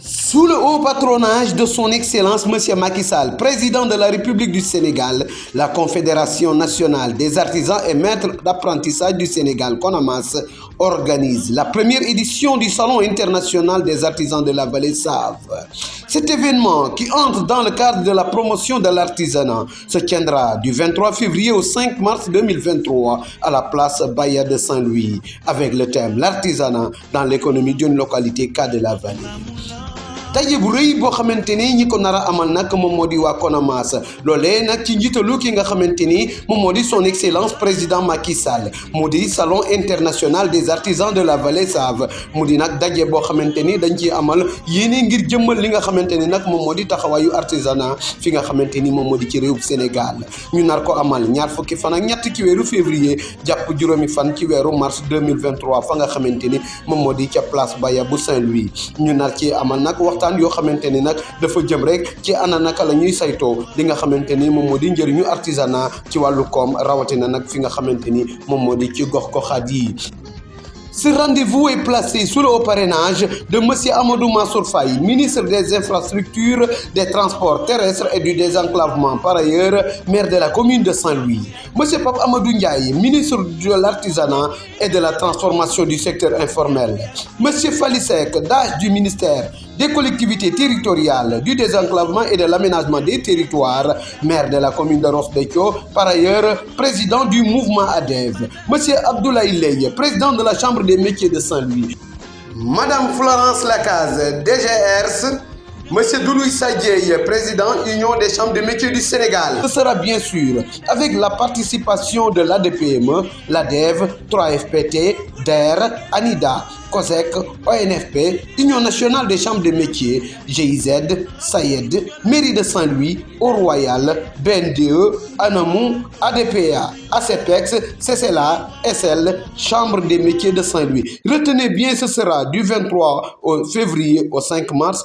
Sous le haut patronage de son Excellence Monsieur Macky Sall, président de la République du Sénégal, la Confédération nationale des artisans et maîtres d'apprentissage du Sénégal, CONAMAS, organise la première édition du Salon international des artisans de la vallée Save. Cet événement, qui entre dans le cadre de la promotion de l'artisanat, se tiendra du 23 février au 5 mars 2023 à la place Bayard de Saint-Louis, avec le thème L'artisanat dans l'économie d'une localité cas de la vallée daje bu rëy boo xamante ni ñi ko nar a amal nak mom modi wa lolé nak ci ki nga son excellence président Macky Sall Modi salon international des artisans de la vallée Save Modi nak dajé daje xamanteni dañ amal yéene ngir jëmmal li nga xamanteni ni mom modi taxawayu artisanat fi nga xamanteni mom modi ci réew Sénégal ñu nar ko amal ñaar fukki fan ak ci wéru février japp juromi fan ci mars 2023 fa nga xamanteni mom modi ci place Baya bu Saint-Louis ñu nar ci amal nak ce rendez-vous est placé sous le haut parrainage de M. Amadou Mansour Faye, ministre des Infrastructures, des Transports terrestres et du Désenclavement, par ailleurs maire de la commune de Saint-Louis. M. Pape Amadou Ndiaye, ministre de l'Artisanat et de la Transformation du secteur informel. M. Falisek, d'âge du ministère, des collectivités territoriales, du désenclavement et de l'aménagement des territoires, maire de la commune de Rosbecchio, par ailleurs président du mouvement ADEV, Monsieur Abdoulaye Leye, président de la Chambre des métiers de Saint-Louis, Madame Florence Lacaze, DGRS, Monsieur Doulouis Sadieye, président Union des chambres de métiers du Sénégal. Ce sera bien sûr avec la participation de l'ADPME, l'ADEV, 3FPT, DER, ANIDA, COSEC, ONFP, Union nationale des chambres de métiers, GIZ, Sayed, Mairie de Saint-Louis, Au Royal, BNDE, Anamou, ADPA, ACPEX, CCLA, SL, Chambre des métiers de Saint-Louis. Retenez bien, ce sera du 23 au février au 5 mars